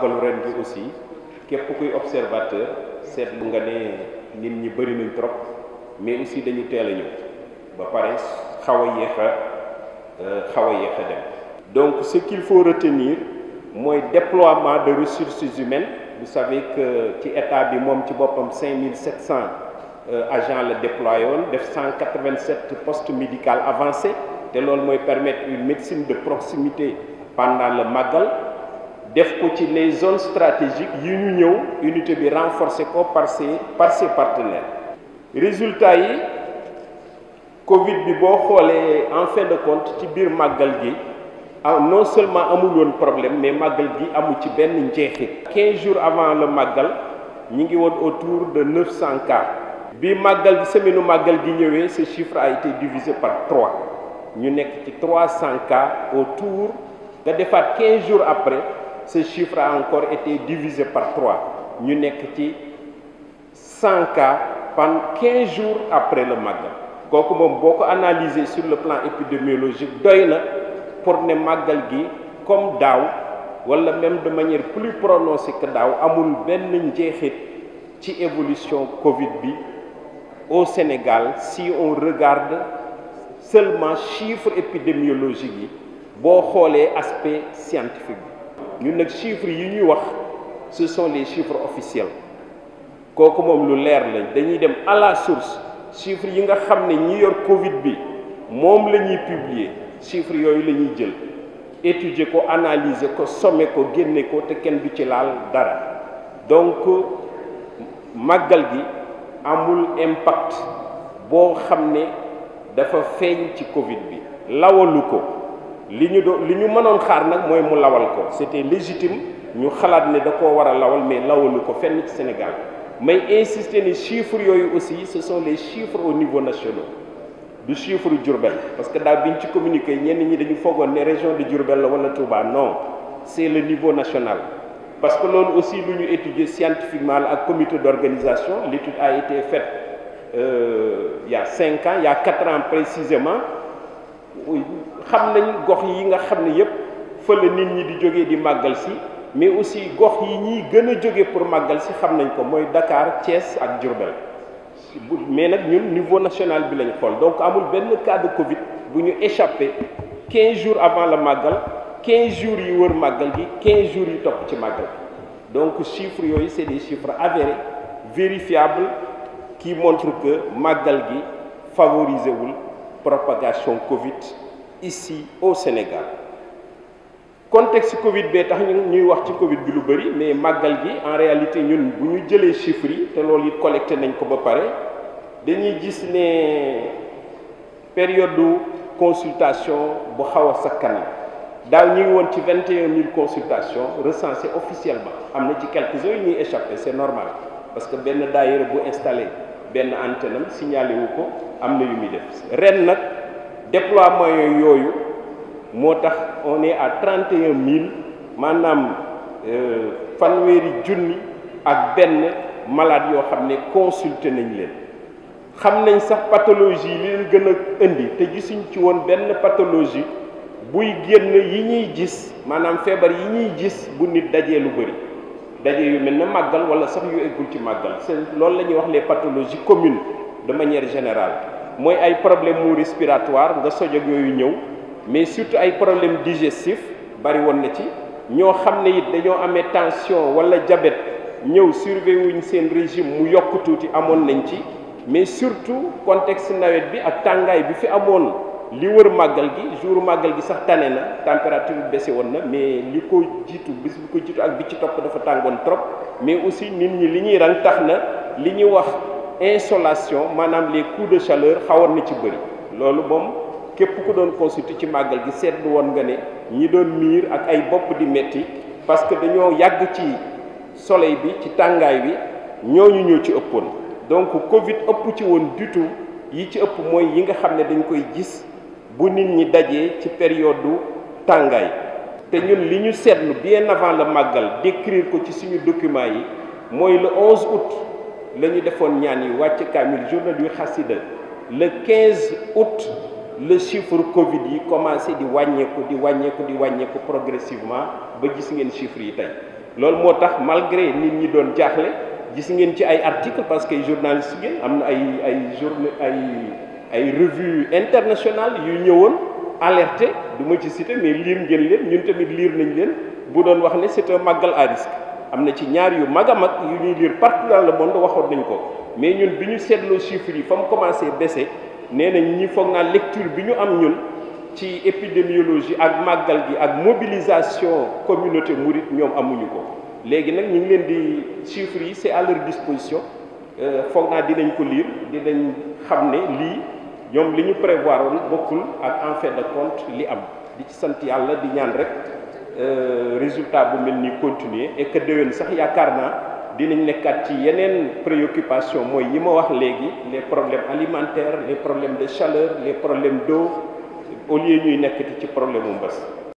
màggalu ren gi aussi képp kuy observateur seetlu nga ne nit ñi bëri nañ trop mais aussi dañu teel a ñëw ba pare xaw a yéex a euh, xaw a yéex a dem donc ce qu'il faut retenir mooy déploiement de ressources humaines vous savez que ci état bi moom ci boppam 5700 euh, agents la déployé woon def 187 postes médicaux avancés te loolu mooy permettre une médecine de proximité pendant la màggal def ko ci les zones stratégiques yi ñu ñëw unité bi renforcé ko par ses par ses partenaires résultat yi covid bi boo xoolee en fin de compte ci biir màggal gi ah, non seulement amul woon problème mais màggal gi amul ci benn njeexit quinze jours avant le màggal ñi ngi woon autour de neuf cent cas bi màggal semaine màggal gi ñëwee ce chiffre a été divisé par trois ñu nekk ci trois cent cas autour nga defaat quinze jours après ce chiffre a encore été divisé par trois ñu nekk ci cent cas jours après le màggal kooku moom boo ko analyser sur le plan épidémiologique doy na pour ne màggal gi comme daaw wala même de manière plus prononcée que daaw amul benn njeexit ci évolution Covid bi au Sénégal si on regarde seulement chiffres épidémiologiques yi boo xoolee aspect scientifique bi ñun nag chiffres yi ñuy wax ce sont les chiffres officiels kooku moom lu leer lañ dañuy dem à la source chiffres yi nga xam ne ñi yor Covid bi moom la ñuy publier chiffres yooyu la ñuy jël étudier ko analyser ko sommer ko génne ko te kenn du ci laal dara donc màggal gi amul impact boo xam ne dafa feeñ ci Covid bi lawalu ko. li ñu do li ñu mënoon xaar nag mooy mu lawal ko c'était légitime ñu xalaat ne da ko war a lawal mais lawalu ko fenn ci Sénégal may insister ni chiffres yooyu aussi ce sont les chiffres au niveau national du chiffre Diourbel parce que daa bi biñ ci communiqué ñenn ñi dañu foogoon ne région de Diourbel la wala Touba non c'est le niveau national parce que loolu aussi lu ñu étudier scientifiquement la ak comité d'organisation l'étude a été faite euh, il y cinq y a quatre ans précisément xam nañ gox yi nga xam ne yëpp fa la nit ñi di jógee di màggal si mais aussi gox yi ñuy gën a jóge pour màggal si xam nañ ko mooy dakaar Thiès ak Diourbel mais nag ñun niveau national bi lañ xool donc amul benn cas de Covid bu ñu échappé quinze jours avant la màggal 15 jours yi wër màggal gi 15 jours yi topp ci màggal donc chiffres yooyu c'est des chiffres avérés vérifiables qui montrent que màggal gi favoriser wul propagation Covid ici au Sénégal contexte Covid bee tax ñu ñuy wax ci Covid bi lu bëri mais màggal gi en réalité ñun bu ñu jëlee chiffres te lool it collecté nañ ko ba pare dañuy gis ne période du consultation bu xaw a sakkan daaw daal ñuy woon ci vingt et un mille consultations recensées officiellement am na ci quelques-uns ñuy échappé c'est normal parce que benn daayira bu installé. benn antenne am ko am na yu muy def ren nag déploiement yooyu moo tax one est à 31 000 maanaam euh, fanweeri junni ak benn malade yoo xam ne consulté nañ leen xam nañ sax pathologie yi leen gën a indi te gisuñ ci woon benn pathologie buy génn yi ñuy gis maanaam feebar yi ñuy gis bu nit dajee lu bëri. daje yu mel na màggal wala sax yu eggul ci màggal c'est loolu la ñuy wax les pathologies communes de manière générale mooy ay problème mu respiratoire nga sojog yooyu ñëw mais surtout ay problème digestif bari woon na ci ñoo xam ne it dañoo amee tension wala jabet ñëw surveiller wuñ seen régime mu yokk tuuti amoon nañ ci mais surtout contexte nawet bi ak tàngaay bi fi amoon li wër màggal gi jour màggal gi sax tane na température bi woon na mais li ko jiitu bis bi ko jiitu ak bi ci topp dafa tàngoon trop mais aussi nit ñi li ñuy rang tax na li ñuy wax insolation maanaam les coups de chaleur xawoon na ci bëri loolu moom képp ku doon consulté ci màggal gi seetlu woon nga ne ñi doon miir ak ay bopp di metti parce que dañoo yàgg ci soleil bi ci tàngaay bi ñooñu ñoo ci ëppoon donc Covid ëpp ci woon du tout yi ci ëpp mooy yi nga xam ne dañ koy gis bu nit ñi dajee ci période du tàngaay te ñun li ñu seetlu bien avant le màggal décrire ko ci suñu document yi mooy le 11 août la ñu defoon ñaan yi wàcc kaamil journée du xasida le quinze août le chiffre Covid yi commencé di wàññeeku di wàññeeku di wàññeeku progressivement ba gis ngeen chiffre yi tey loolu moo tax malgré nit ñi doon jaaxle gis ngeen ci ay article parce que journaliste ngeen am na ay ay journée ay. ay revue internationale yu ñëwoon alerte du ma ci cité mais liir jën leen ñun tamit liir nañ leen bu doon wax ne c'est un màggal à risque am na ci ñaar yu mag a mag yu ñuy liir partout la moon monde waxoon nañ ko mais ñun bi ñu seetloo chiffres yi fa mu commencé baissé nee nañ ñi foog naa lecture bi ñu am ñun ci épidémiologie ak màggal gi ak mobilisation communauté mouride ñoom amuñu ko léegi nag ñu ngi leen di chiffres yi c'est à leur disposition euh, foog naa dinañ ko liir dinañ xam lii ñoom li ñu prévoir woon bokkul ak en de compte li am di ci sant yàlla di ñaan rek euh, résultat bu mel ni continuer et que déwén sax yaakaar naa dinañ nekkaat ci yeneen préoccupation mooy yi ma wax léegi les problème alimentaire les problème de chaleur les problème d'eau au lieu ñuy nekkati ci problème mu mbas